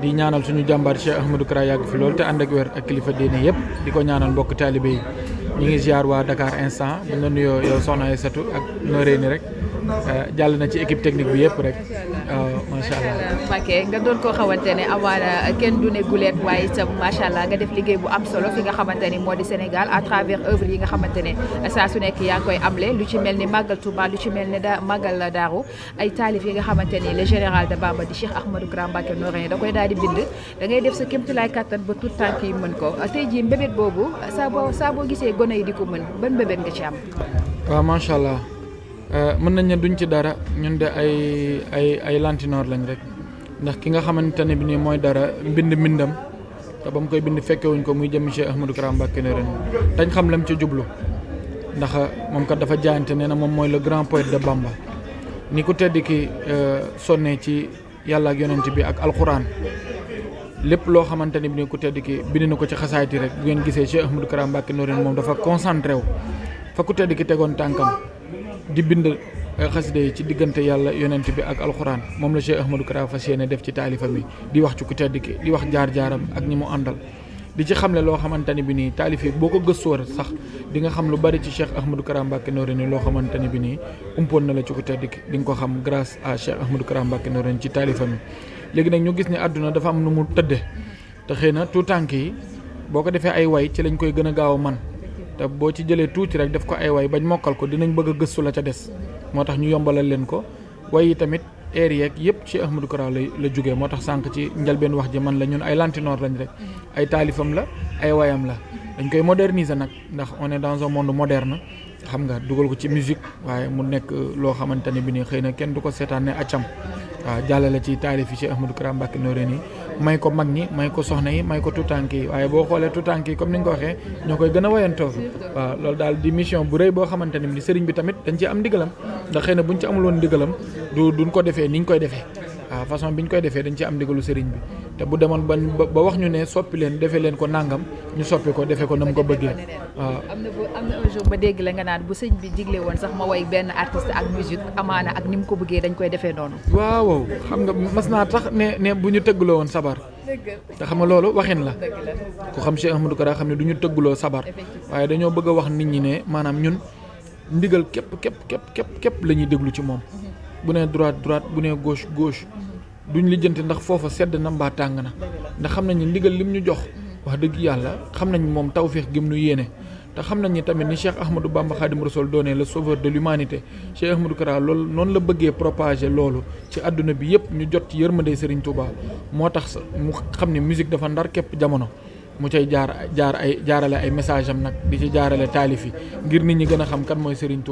di ñaanal suñu jàmbaar Cheikh Ahmadou Kara yàgg fi loolu te ànd ak wér ak kilifa diine yëpp di ko ñaanal mbokk taalibe yi ñu ngi ziar waa Dakar instant bu nuyoo yow soxna Aysatu ak noo rëy rek. Euh, jàll na ci équipe technique bi yëpp rek euh, macha allah. Mbacké nga doon koo xamante ne amaana euh, kenn du ne guleet waaye sa macha allah nga def liggéey bu am solo fi nga xamante ne moo di Sénégal à travers œuvre yi nga xamante ne saa su nekk yaa ngi koy le lu ci mel ni màggal Touba lu ci mel ni da màggal Daaru ay taalif yi nga xamante ni le général de Bamba di Cheikh Ahmadou Grand Mbacké Noreyni da koy daal di bind dangay def sa kéemtulaay kattan ba tout tànk yi mën ko tey jii mbébét boobu saa boo saa gisee gone yi di ko mën ban mbébét nga ci am. waaw macha Euh, mën nañ ne duñ ci dara ñun de ay ay ay lantinoor lañ rek ndax ki nga xamante ne bi nii mooy dara mbind mbindam te ba mu koy bind fekkewuñ ko muy jëm Cheikh Ahmadou Kara Mbacké Noreyni xam lam ci jublu ndax euh, moom kat dafa jaayante nee na moom mooy le grand poète de Bamba ni ku tedd ki euh, sonne ci yàlla ak yonent bi ak alxuraan lépp loo xamante ne bi nii ku tedd ki bind ko ci xasaayati rek bu ngeen gisee Cheikh Ahmadou Kara moom dafa concentré wu fa ku tedd ki tegoon tànkam di bind eh, xasida yi ci diggante yàlla yonent bi ak alxuraan moom la Cheikh Ahmadou Kara fas yéene def ci taalifam yi di wax ci ku tedd ki di wax jaar-jaaram ak ñi mu àndal di ci xamle loo xamante ni bi nii taalif yi boo ko gëstoo sax di nga xam lu bari ci Cheikh Ahmadou Kara Mbacké Noreyni loo xamante ni bi nii umpoon na la ci ku tedd ki di nga ko xam grâce a Cheikh Ahmadou Kara Mbacké Noreyni ci taalifam yi léegi nag ñu gis ne àdduna dafa am nu mu tëdde te xëy na tout tànk yi boo ko defee ay way ci lañ koy gën a gaaw a man te boo ci jëlee tuuti rek def ko ay way bañ mokkal ko dinañ bëgg a gëstu la ca des moo ñu yombalal leen ko way yi tamit air yeeg yépp ci ahmadou kara la la jugee moo tax sànq ci njëlbeen wax ji man la ñun ay lañ rek mm-hmm. ay la ay wayam la dañ koy moderniser nag ndax on est dans un monde moderne xam nga dugal ko ci musique waaye mu nekk loo xamante ne bi ni xëy na kenn du ko seetaan ne accam waaw jàllale ci taalif yi ci Ahmadou Kara Mbacké Noreyni may ko mag ñi may ko soxna yi may ko tuutànk yi waaye boo xoolee tànk yi comme ni nga ko waxee ñoo koy gën a wayantoo waaw loolu daal di mission bu rëy boo xamante ne bi sëriñ bi tamit dañ ci am ndigalam ndax xëy na buñ ci amuloon ndigalam du duñ ko defee niñ koy defee ah façon biñ koy defee dañ ci am ndigalu sëriñ bi te bu demoon ba ba wax ñu ne soppi leen defee leen ko nangam ñu soppi ko defee ko nam ko bëggee waaw ah. am na am na un jour ba dégg la nga naan bu sëñ bi digle woon sax ma way benn artiste ak musique amaana ak ni ko bëggee dañ koy defee noonu waaw xam nga mas naa tax ne ne bu ñu tëggloo woon sabar te xam nga loolu waxin la ku xam Cheikh Ahmadou Kara xam ne du ñu sabar waaye dañoo bëgg a wax nit ñi ne maanaam ñun ndigal kep képp képp képp képp la déglu ci moom mhm. bu nee droit droite bu ne gauche gauche duñu lijjanti ndax foofa sedd na mbaa tàng na ndax xam nañ ndigal lim ñu jox wax dëgg yàlla xam nañ moom tawféex gim nu yéene te xam nañ ni tamit ni Cheikh Ahmadou Bamba Khadim Rassoul doone la sauveur de l'humanité Cheikh Ahmadou Kara loolu noonu la bëggee propager loolu ci àdduna bi yëpp ñu jot ci yërmande Serigne Touba moo tax mu xam ne musique dafa ndar képp jamono mu cay jaar jaar ay jaarale ay message am nag di ci jaarale taalif yi ngir nit ñi gën a xam kan mooy Serigne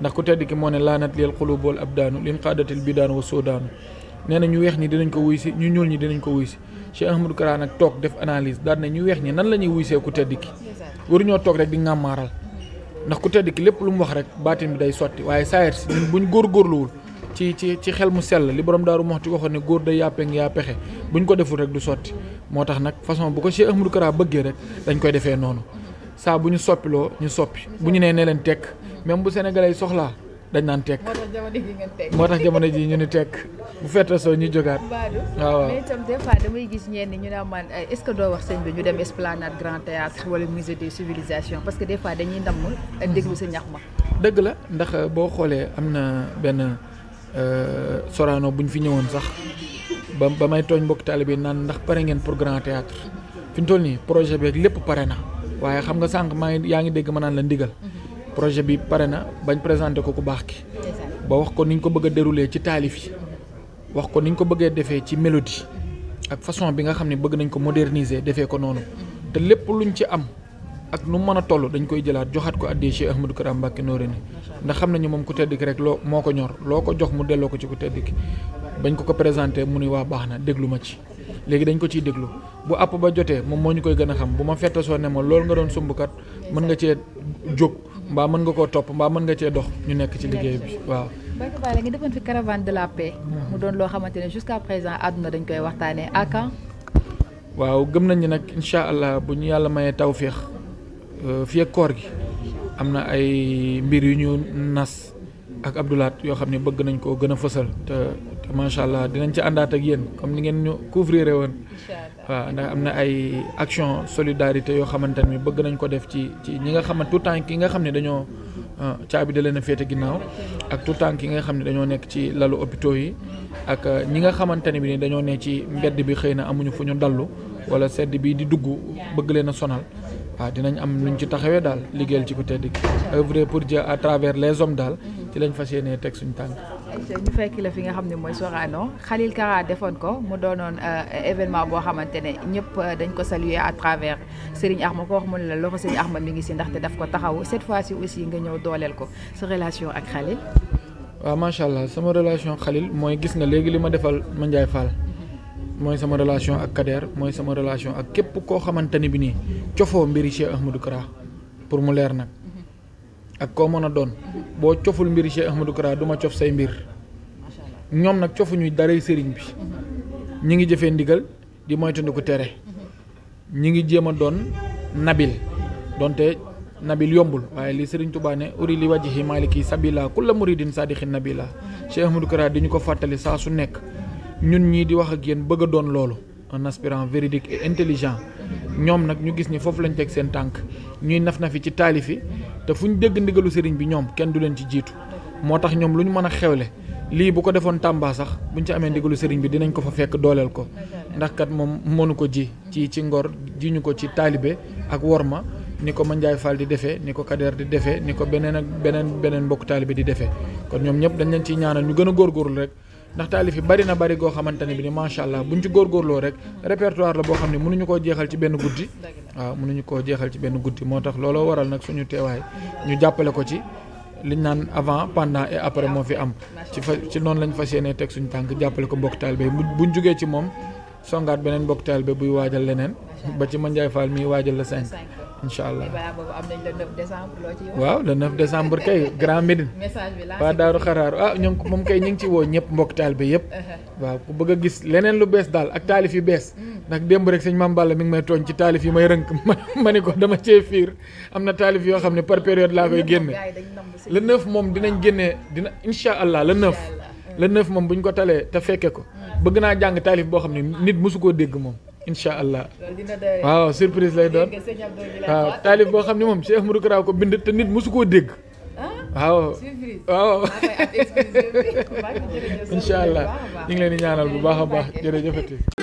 ndax ku tedd ki moo ne laanat leel xulub wal abdaanu lin qaadatil bidaan wa soodaanu nee na ñu weex ñi dinañ ko wuy si ñu ñuul ñi dinañ ko wuy si Cheikh Ahmadou toog def analyse daal ne ñu weex ñi nan la ñuy wuy see ku tedd ki waruñoo toog rek di ngàmmaaral ndax ku tedd ki lu mu wax rek baatin bi day sotti waaye saayir si ñun buñ ci ci ci xel mu sell li borom daaru moxti waxoon ne góor day yàppe ngi yaa pexe buñ ko deful rek du sotti moo tax nag façon bu ko Cheikh Ahmadou Kara bëggee rek dañ koy defee noonu saa bu ñu soppiloo ñu soppi bu ñu nee ne leen tekk même bu sénégalais yi soxlaa dañ naan tekk moo tax jamono ji ñu ni tekk bu fekkee soo ñu jógaat. waaw waaw mais damay gis ñenn ñu naan man eh, est-ce que doo wax sëñ bi ñu dem Esplanade Grand Théâtre wala musée des civilisations parce que des fois dañuy namm eh, déglu sa ñax ma. dëgg la ndax eh, boo xoolee am na benn Sorano bu ñu fi ñëwoon sax ba ba may tooñ mbokk taalibe bi naan ndax pare ngeen pour Grand Théâtre fi ñu toll nii projet beeg lépp pare na waaye xam nga sànq maa ngi yaa ngi dégg ma naan la ndigal. Mhm. projet bi pare na bañ présenté ko ku baax ki ba wax ko ñu ko bëgg a déroulé ci taalif yi wax ko niñ ko bëggee defee ci mélodie ak façon bi nga xam ne bëgg nañ ko moderniser defee ko noonu te lépp lu ñu ci am ak nu mën a toll dañ koy jëlaat joxaat ko addee Cheikh Ahmadou Kara Mbacké Noreyni ndax xam nañu moom ku tedd ki rek loo moo ko ñor loo ko jox mu delloo ko ci ku tedd ki bañ ko ko présenté mu ni waa baax na déglu ma ci léegi dañ ko ciy déglu bu àpp ba jotee moom moo ñu koy gën a xam bu ma fettasoo ne ma loolu nga doon sumbukat mën nga cee jóg mbaa mën nga koo topp mbaa mën nga cee dox ñu nekk ci liggéey bi waaw Baye Baye nga defoon fi caravane de la paix hmm. mu doon loo xamante ne jusqu'à présent àdduna dañ koy waxtaanee à quand waaw gëm nañ nag incha allah bu ñu yàlla mayee tawféex euh, fii ak koor gi am na ay mbir yu ñu nas ak Abdoulaat yoo xam ne bëgg nañ koo gën a fësal te macha allah dinañ ci àndaat ak yéen comme ni ngeen ñu couvrir woon waaw ndax am na ay action solidarité yoo xamante ne bëgg nañ ko def ci ci ñi nga xam tout temps ki nga xam ne dañoo ah, caabi da leen a féete ginnaaw ak tout temps ki nga xam ne dañoo nekk ci lalu hôpitaux yi ak ah, ñi nga xamante ne bi ni dañoo ne ci mbedd bi xëy na amuñu fu ñu dallu wala sedd bi di dugg bëgg leen a sonal waaw dinañ am luñ ci taxawee daal liggéeyal ci ko tedd gi œuvrer pour Dieu à travers les hommes daal ci lañ fas yéenee teg suñu tànk ñu fekk la fi nga xam ne mooy Sorano Khalil Kara defoon ko mu doonoon euh, événement boo xamante ne ñëpp euh, dañ ko saluer à travers Serigne Ahmed ko wax mu ne la loxo Serigne Ahmed mi ngi si ndaxte daf ko taxaw cette fois ci aussi nga ñëw dooleel ko sa relation ak Khalil. waaw macha allah sama relation Khalil mooy gis na léegi li ma defal ma Ndiaye Fall. mooy sama relation ak Kader mooy sama relation ak képp koo xamante ni bi nii cofoo mbiri Cheikh Ahmadou Kara pour mu leer nag. ak koo mën a doon boo coful mbir Cheikh Ahmadou Kara du ma cof say mbir ñoom nag cofuñuy daray sëriñ bi ñu ngi jëfee ndigal di moytandiku tere ñu ngi jéem a doon nabil doonte nabil yombul waaye li sëriñ Tuubaa ne uri li wajhi maliki sabila la muridin sadixin nabila Cheikh Ahmadou Kara di ñu ko fàttali saa su nekk ñun ñii di wax ak yéen bëgg a doon loolu un aspirant véridique et intelligent ñoom nag ñu gis ni foofu lañ teg seen tànk ñuy naf nafi ci taalifi te fu ñu dégg ndigalu sëriñ bi ñoom kenn du leen ci jiitu moo tax ñoom lu ñu mën a xewle lii bu ko defoon Tamba sax buñ ci amee ndigalu sëriñ bi dinañ ko fa fekk dooleel ko ndax kat moom mënu ko ji ci ci ngor ji ñu ko ci taalibe ak ma ni ko Mandiaye faal di defee ni ko Kader di defee ni ko beneen ak beneen beneen mbokk taalibe di defee kon ñoom ñëpp dañ leen ciy ñaanal ñu gën a góorgóorlu rek ndax taalif yi bari na bari goo xamante ne bi ni macha allah buñ ci góorgóorloo rek répertoire la boo xam ne mënuñu ko jeexal ci benn guddi waaw mënuñu koo jeexal ci benn guddi moo tax looloo waral nag suñu teewaay ñu jàppale ko ci liñ naan avant pendant et après moo fi am ci fa ci noonu lañ fas yéenee teg suñu tànk jàppale ko mbokk bu buñ jugee ci moom songaat beneen mbokk taalibe buy waajal leneen ba ci Mandiaye Fall miy waajal la 5 incha allah waaw le 9 décembre kay Grand Médine waa xaraaru ah nyong mom moom kay nyep ngi ci woo ñëpp mbokk taalibe yëpp waaw ku bëgg gis leneen lu bes dal, ak talif yu bees hmm. ndax démb rek sëñ Mame Balla mi ngi may tooñ ci taalif yi may rënk ma dama cee fiir am na taalif yoo par période la koy génne le 9 mom dinañ génne dina incha allah le 9 le 9 mom bu ñu ko talee te fekke ko hmm. bëgg naa jàng talif bo xam nit mosu koo dégg incha allah waaw surprise lay doon waaw taalif boo xam ne moom Cheikh Modou Kara ko bind te nit mosu koo dégg ah, waaw waaw incha allah ñu ngi leen di ñaanal bu baax a baax jërëjëfati